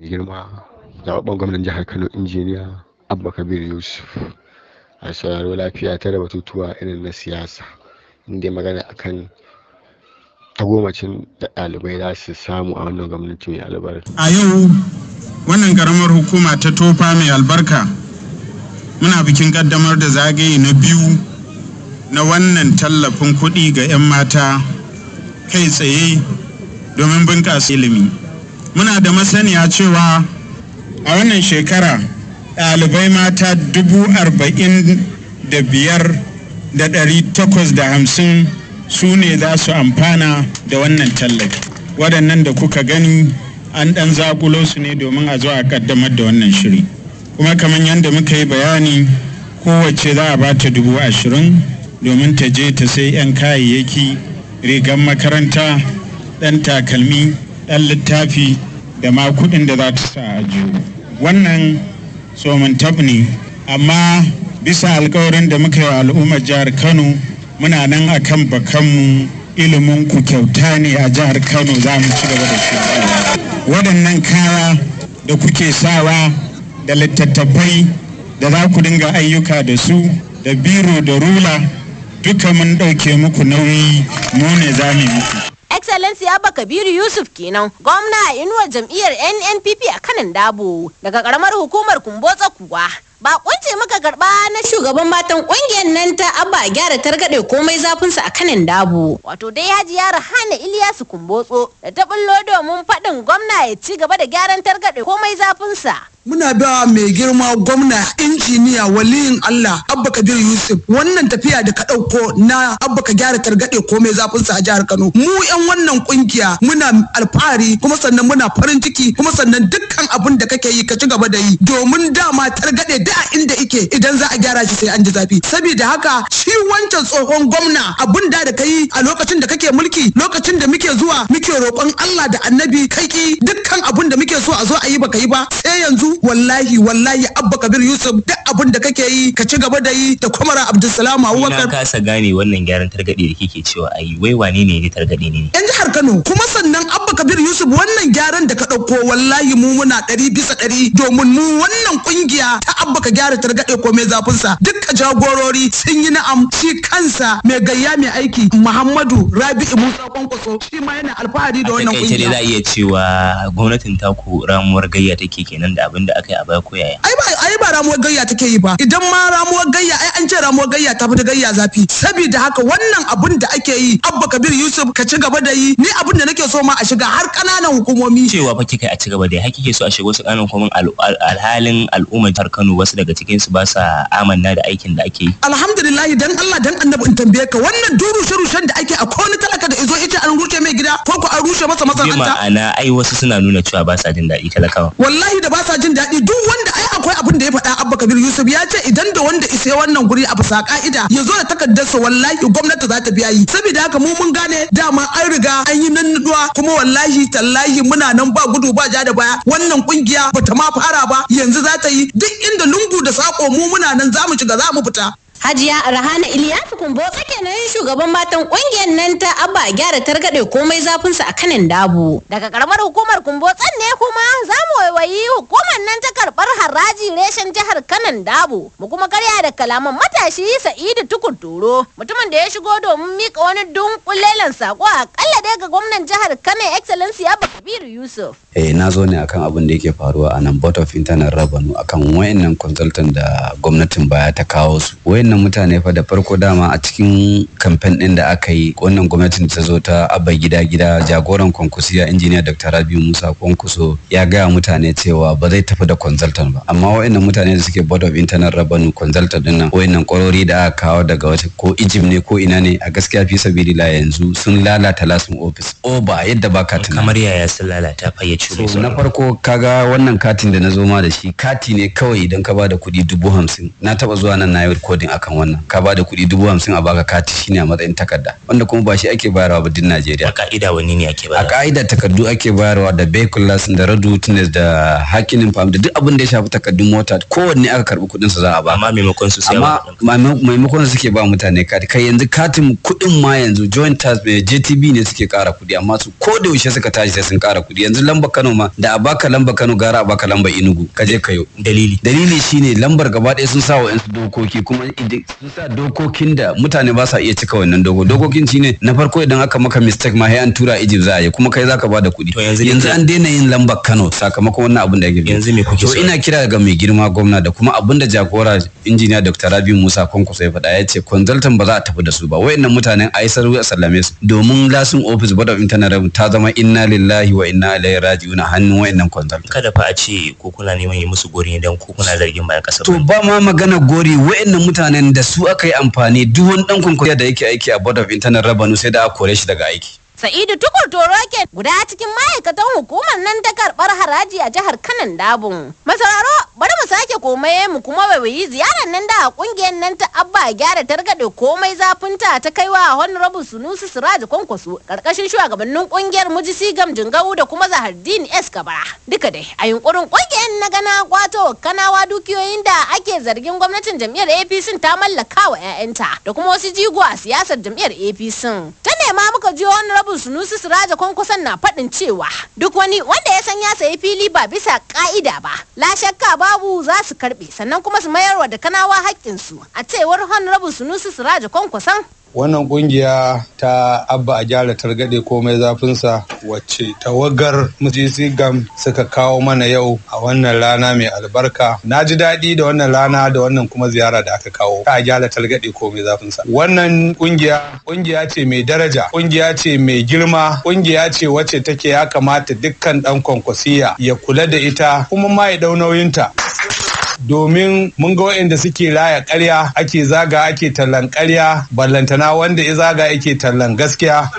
mai girma zaɓaɓɓen gwamnan jihar kano injiniya abba kabir yusuf a sauraro lafiya tare batutuwa irin na siyasa inda magana akan tagomacin da ɗalibai za su samu a wannan gwamnati mai albarka a yau wannan karamar hukuma ta tofa mai albarka muna bikin kaddamar da zagaye na biyu na wannan tallafin kuɗi ga 'yan mata kai tsaye domin bunƙasa ilimi muna da masaniya cewa a wannan shekara ɗalibai mata dubu arba'in da biyar da ɗari takwas da hamsin su ne za su amfana da wannan tallafi waɗannan da kuka gani an ɗan zaƙulo su ne domin a zo a ƙaddamar da wannan shiri kuma kamar yadda muka yi bayani kowace za a ba ta dubu ashirin domin ta je ta sai 'yan kayayyaki rigar makaranta ɗan takalmi ɗan littafi da ma kuɗin da za ta sa a jiyo wannan somin tabni amma bisa alkawarin da muka yi wa al'ummar jihar kano muna nan a akan bakanmu ilimin ku kyauta ne a jihar kano za mu ci gaba da shi waɗannan kaya da kuke sawa da littattafai da za ku dinga ayyuka da su da biro da rula duka mun ɗauke muku nauyi mu ne za mu muku excellency abba kabiru yusuf kenan gwamna a inuwar jam'iyyar nnpp a kanan dabo daga karamar hukumar kumbotsa kuwa ba kunce muka karba na shugaban matan kungiyar nan ta abba gyara targade komai zafinsa a kanin dabo wato dai hajiya rahana iliyasu kumbotso da ta bullo domin faɗin gwamna ya ci gaba da gyaran targade komai zafinsa Muna ba mai girma gwamna injiniya waliyin Allah Abba Kabir Yusuf wannan tafiya da ka ɗauko na Abba ka gyara targaɗe ko mai zafin sa a jihar Kano. Mu 'yan wannan ƙungiya muna alfahari kuma sannan muna farin ciki kuma sannan dukkan abin da kake yi ka ci gaba da yi domin dama targaɗe da a inda ike idan za a gyara shi sai an ji zafi. Sabida haka shi wancan tsohon gwamna abin da da ka yi a lokacin da kake mulki lokacin da muke zuwa muke roƙon Allah da annabi kai dukkan abin da muke so a zo a yi baka yi ba sai yanzu wallahi wallahi abba kabir yusuf duk abin da kake yi ka ci gaba da yi da kwamara abdulsalam abubakar Ina kasa gane wannan gyaran targaɗe da kike cewa ayi wai wane ne ne targaɗe ne yan jihar kano kuma sannan abba kabir yusuf wannan gyaran da ka ɗauko wallahi mu muna ɗari bisa ɗari domin mu wannan ƙungiya ta abba ka gyara targaɗe ko mai zafin sa duk jagorori sun yi na'am shi kansa mai gayya mai aiki muhammadu rabi'u musa kwankwaso shi ma yana alfahari da wannan ƙungiya a takaice dai za a iya cewa gwamnatin taku ramuwar gayya take kenan da abin abin da aka yi a baya ko yaya ai ba ai ba ramuwar gayya take yi ba idan ma ramuwar gayya ai an ce ramuwar gayya ta fi gayya zafi saboda haka wannan abin da ake yi abba kabir yusuf ka ci gaba da yi ni abin da nake so ma a shiga har ƙananan hukumomi cewa fa kika a ci gaba da yi hakike so a shiga wasu ƙananan hukumomin alhalin al'ummar jihar Kano wasu daga cikin su ba sa amanna da aikin da ake yi alhamdulillah dan Allah dan annabi in tambaye ka wannan rushe rushen da ake a kowani talaka da izo ita an rushe mai gida ko ko an rushe masa masana'anta ma'ana ai wasu suna nuna cewa ba sa jin daɗi talakawa wallahi da ba sa jin daɗi duk wanda ai akwai abin da ya faɗa abba kabir yusuf ya ce idan da wanda isa wannan guri a bisa ka'ida ya zo da takardar sa wallahi gwamnati za ta biya yi saboda haka mu mun gane dama an riga an yi nannuduwa kuma wallahi tallahi muna nan ba gudu ba ja da baya wannan kungiya bata ma fara ba yanzu za ta yi duk inda lungu da sako mu muna nan za mu shiga za mu fita Hajiya Rahana Iliyafi Kumbo kenan shugaban matan kungiyar nan ta Abba gyara targaɗe komai zafin sa a kanin dabu. Daga karamar hukumar Kumbo ne kuma za mu waiwayi hukumar nan ta karbar haraji reshen jihar kanan dabu. Mu kuma karya da kalaman matashi Sa'idu Tukuturo mutumin da ya shigo domin mika wani dunkulelen sako a kalla dai ga gwamnan jihar Kano Excellency Abba Kabiru Yusuf. Eh na zo ne akan abin da yake faruwa a nan Board of Internal Revenue akan wayannan consultant da gwamnatin baya ta kawo su. waɗannan mutane fa da farko dama a cikin kamfen ɗin da aka yi wannan gwamnatin ta zo ta abba gida gida jagoran kwankwasiya injiniya dr rabiu musa kwankwaso ya gaya mutane cewa ba zai tafi da consultant ba amma waɗannan mutane da suke board of internal revenue consultant ɗin nan waɗannan ƙwarori da aka kawo daga wata ko egypt ne ko ina ne a gaskiya fi sabili la yanzu sun lalata lasin office o ba yadda ba ka tunani kamar yaya sun lalata fayyace so na farko kaga wannan katin da na zo ma da shi kati ne kawai idan ka ba da kuɗi dubu hamsin na taɓa zuwa nan na yi recording a akan wannan ka bada kuɗi dubu hamsin a baka kati shine a matsayin takarda wanda kuma ba shi ake bayarwa ba din Najeriya a ka'ida wani ne ake bayarwa a ka'ida takardu ake bayarwa da vehicle license da radu witness da hakinin farm da duk abin da ya shafi takardun mota kowanne aka karbi kuɗin su za a ba amma maimakon su sai amma maimakon suke ba mutane kati kai yanzu katin kuɗin ma yanzu joint tax eh, JTB ne suke kara kuɗi amma su ko da yaushe suka tashi sai sun kara kuɗi yanzu lamba Kano ma da a baka lamba Kano gara a baka lamba Enugu ka je yo dalili dalili shine lambar gaba ɗaya sun sa wa dokoki kuma sa dokokin da mutane ba sa iya cika wannan dogo dokokin ne na farko idan aka maka mistake ma an tura Egypt za a yi kuma kai zaka ba da kuɗi yanzu an daina yin lambar Kano sakamakon wannan abin da ya girma yanzu me kuke so ina kira ga mai girma gwamna da kuma abin da jagora injiniya Dr. Rabi Musa Kwankwaso ya faɗa ya ce consultant ba za a tafi da su ba wayannan mutanen ai sarwi a sallame su domin lasin office board of internet ta zama inna lillahi wa inna ilaihi raji'un hannun wayannan consultant kada fa a ce ko kuna neman yi musu gori idan ko kuna zargin bayan kasa to ba ma magana gori wayannan mutanen waɗanda su aka yi amfani duk wani ɗan kunkuri da yake aiki a board of internal revenue sai da a kore shi daga aiki Sa'idu tukur toroke guda cikin ma'aikatan hukumar nan ta karbar haraji a jihar Kanan Dabun. Masararo bari mu sake komai mu kuma yi ziyarar nan da kungiyar nan ta abba gyara targade komai zafinta ta kaiwa Honorable sunusu siraj Kwankwaso karkashin shugabannin kungiyar Mujisi Gam Jingawu da kuma Zahardin S Kabara. Duka dai a yunkurin kungiyar na gana kwato kanawa dukiyoyin da ake zargin gwamnatin jam'iyyar APC ta mallaka wa 'ya'yanta da kuma wasu jigo a siyasar jam'iyyar APC. Ta nema muka ji Honorable honorable sunusi siraja kwankwason na faɗin cewa duk wani wanda ya san ya sayi fili ba bisa ka'ida ba la shakka babu za su karɓe sannan kuma su mayarwa da kanawa haƙƙinsu a cewar honorable sunusi siraja kwankwason wannan kungiya ta abba a jara targade komai zafinsa wacce tawagar mujisi gam suka kawo mana yau a wannan rana mai albarka na ji daɗi da wannan rana da wannan kuma ziyara da aka kawo ta jara targaɗe komai zafinsa wannan kungiya kungiya ce mai daraja kungiya ce mai girma kungiya ce wacce take ya kamata dukkan ɗan kwankwasiya ya kula da ita kuma ma ya ɗau nauyinta domin mun ga waɗanda suke raya karya ake zaga ake tallan karya ballantana wanda ya zaga ake tallan gaskiya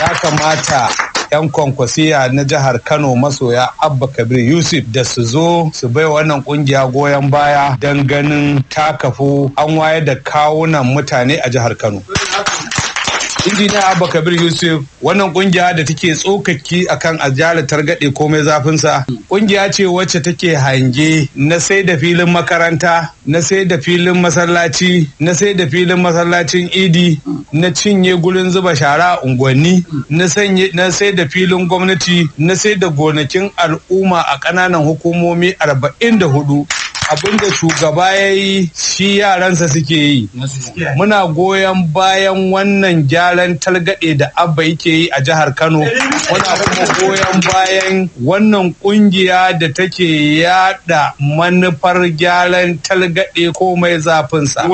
ya kamata 'yan kwankwasiya na jihar kano masoya abba kabir yusuf da su zo su bai wannan kungiya goyon baya don ganin takafu an wayar da kawunan mutane a jihar kano injiniya abba kabir yusuf wannan kungiya da take tsokaki akan ajiyar targaɗe komai zafin sa kungiya ce wacce take hange na sai da filin makaranta na sai da filin masallaci na sai da filin masallacin idi na cinye gurin zuba shara unguwanni na sai da filin gwamnati na sai da gonakin al'umma a ƙananan hukumomi 44 abin shugaba ya yi shi yaransa suke yi muna goyon bayan wannan gyaran talgade da abba yake yi a jihar kano muna kuma goyon bayan wannan kungiya da take yada manufar gyaran talgade komai zafinsa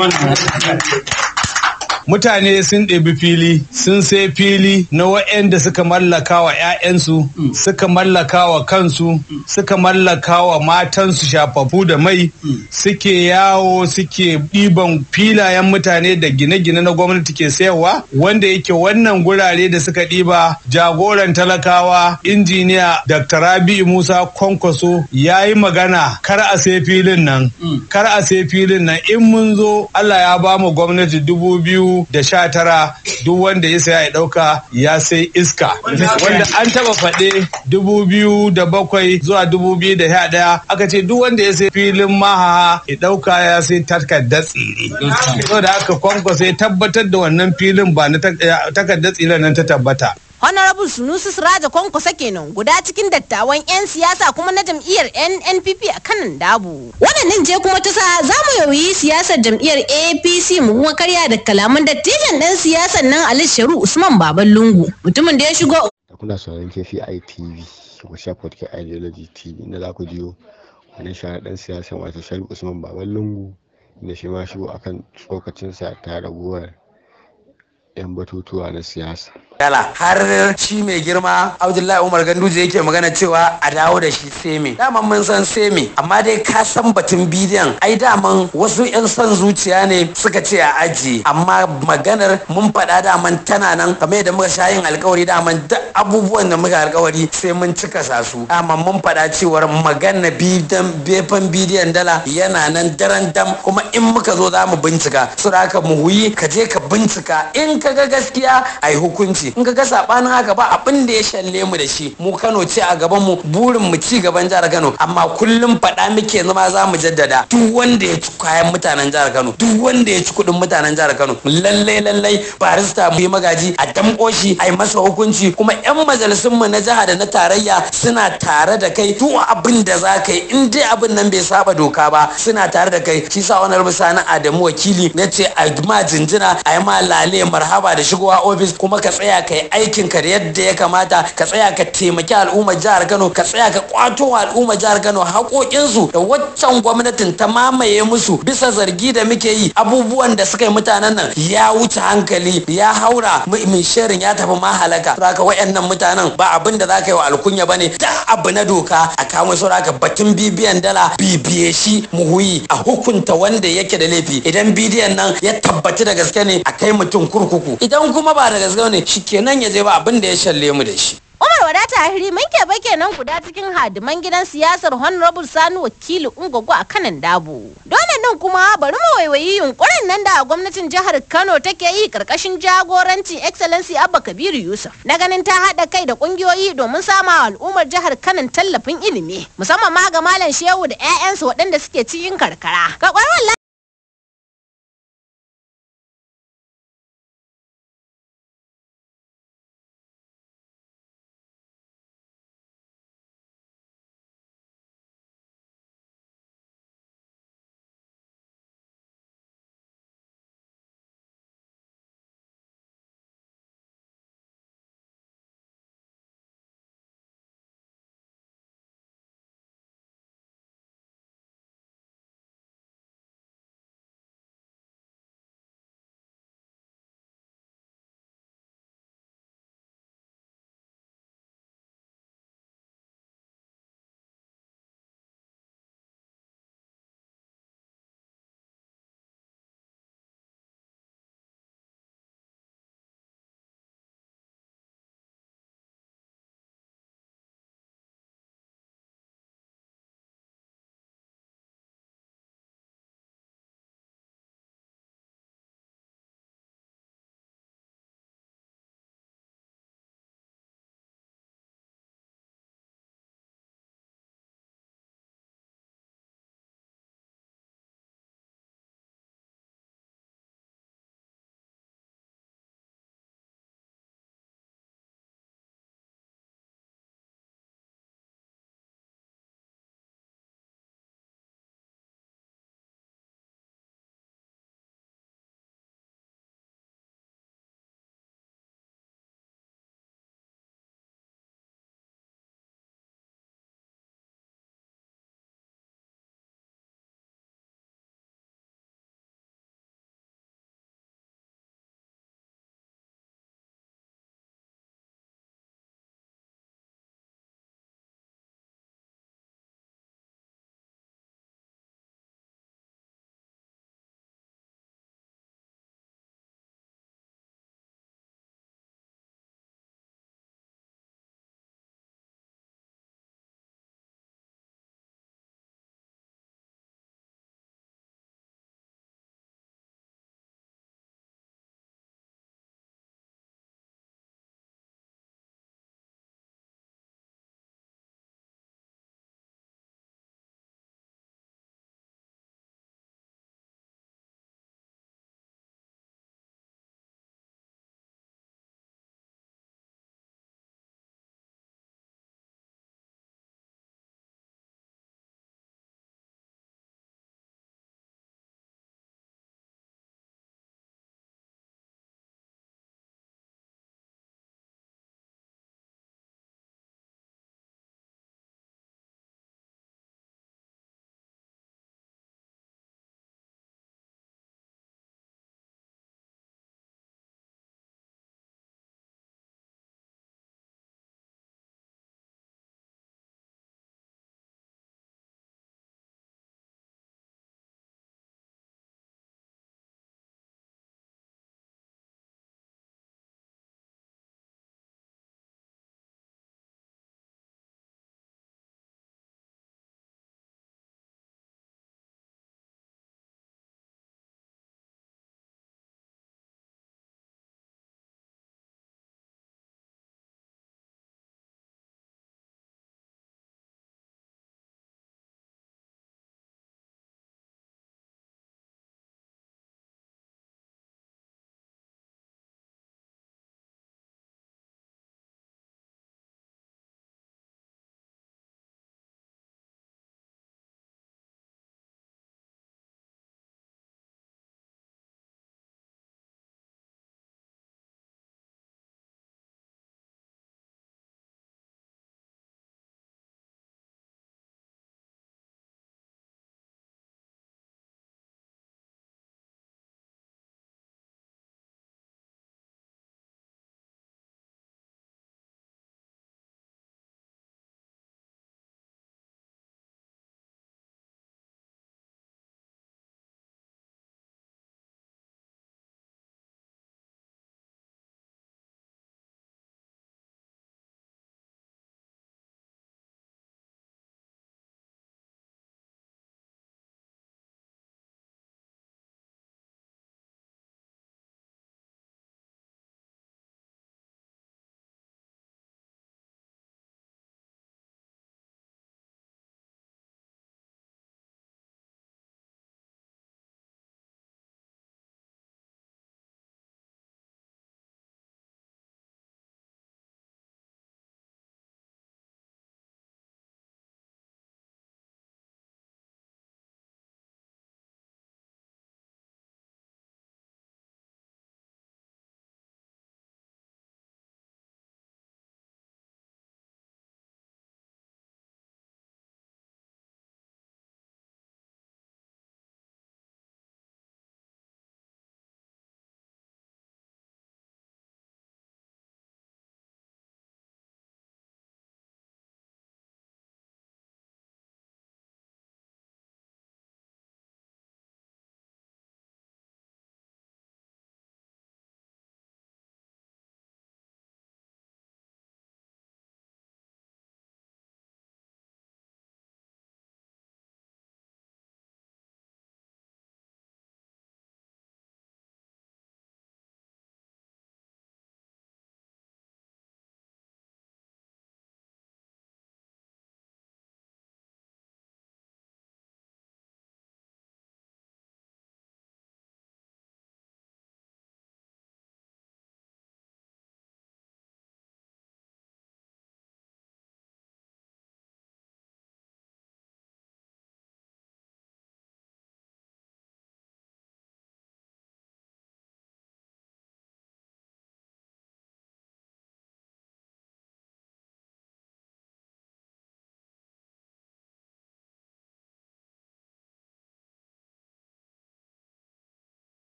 mutane sun ɗebi fili sun sai fili na wa'yanda suka mallaka wa 'ya'yansu mm. suka mallaka wa kansu mm. suka mallaka wa matansu shafafu da mai mm. suke yawo suke ɗiban filayen mutane da gine-gine na gwamnati ke sayarwa wanda yake wannan gurare da suka ɗiba jagoran talakawa injiniya dr rabi musa kwankwaso ya yi magana kar a sai filin nan kar a sai filin nan in mun zo allah ya ba mu gwamnati dubu biyu da sha tara duk wanda ya saya ya ɗauka ya sai iska wanda an taɓa faɗe dubu biyu da bakwai zuwa dubu biyu da sha ɗaya aka ce duk wanda ya sai filin maha ya ɗauka ya sai takardar tsire da haka kwankwasa ya tabbatar da wannan filin ba na eh, takardar tsire nan ta tabbata honorable sunusu siraja kwankwasa kenan guda cikin dattawan 'yan siyasa kuma na jam'iyyar nnpp a kanan dabu waɗannan je kuma ta sa za mu yoyi siyasar jam'iyyar apc mu kuma karya da kalaman dattijan ɗan siyasar nan ali sharu usman baban lungu mutumin da ya shigo da kuna sauran kefi itv ku sha podcast ideology tv na za ku jiyo wani shahara ɗan siyasar wato sharu usman baban lungu da shi ma shigo akan tsokacinsa ta raguwar 'yan batutuwa na siyasa dala har shi mai girma abdullahi umar ganduje yake magana cewa a dawo da shi semi daman mun san semi amma dai ka san batun bidiyon ai daman wasu yan son zuciya ne suka ce a aji amma maganar mun faɗa daman tana nan kamar yadda muka sha yin alkawari daman duk abubuwan da muka alkawari sai mun cika sa su daman mun faɗa cewar magana bidan befan bidiyon dala yana nan daren dam kuma in muka zo za mu bincika su da mu huyi ka je ka bincika in ka ga gaskiya ai hukunci shi in ga sabanin haka ba abin da ya shalle mu da shi mu Kano ce a gaban mu burin mu ci gaban jihar Kano amma kullum faɗa muke zama za mu jaddada duk wanda ya ci kayan mutanen jihar Kano duk wanda ya ci kudin mutanen jihar Kano lallai lallai barista mu yi magaji a damƙo shi a masa hukunci kuma 'yan majalisun mu na jiha da na tarayya suna tare da kai duk abin da za ka yi in dai abin nan bai saba doka ba suna tare da kai shi sa wani sani Adamu wakili na ce a ma jinjina a yi ma lale marhaba da shigowa ofis kuma ka tsaya tsaya ka yi aikin ka yadda ya kamata ka tsaya ka taimaki al'ummar jihar Kano ka tsaya ka kwato wa al'ummar jihar Kano su da waccan gwamnatin ta mamaye musu bisa zargi da muke yi abubuwan da suka yi mutanen nan ya wuce hankali ya haura min shirin ya tafi ma halaka zaka wayannan mutanen ba abin da zaka yi wa alkunya bane da abu na doka a kawo su ka batun bibiyan dala bibiye shi mu huyi a hukunta wanda yake da laifi idan bidiyon nan ya tabbaci da gaske ne a kai mutum kurkuku idan kuma ba da gaske ne shi kenan ya je ba abin da ya shalle mu da shi Umar wadata ahiri mun keɓe kenan guda cikin hadiman gidan siyasar Honorable Sani wakili Ungogo a kanan dabo. Dole nan kuma bari mu waiwayi yunkurin nan da gwamnatin jihar Kano take yi karkashin jagorancin Excellency Abba Kabiru Yusuf. Na ganin ta haɗa kai da ƙungiyoyi domin sama al'ummar jihar Kano tallafin ilimi musamman ma ga malam Shehu da 'ya'yansu waɗanda suke cikin karkara. Ka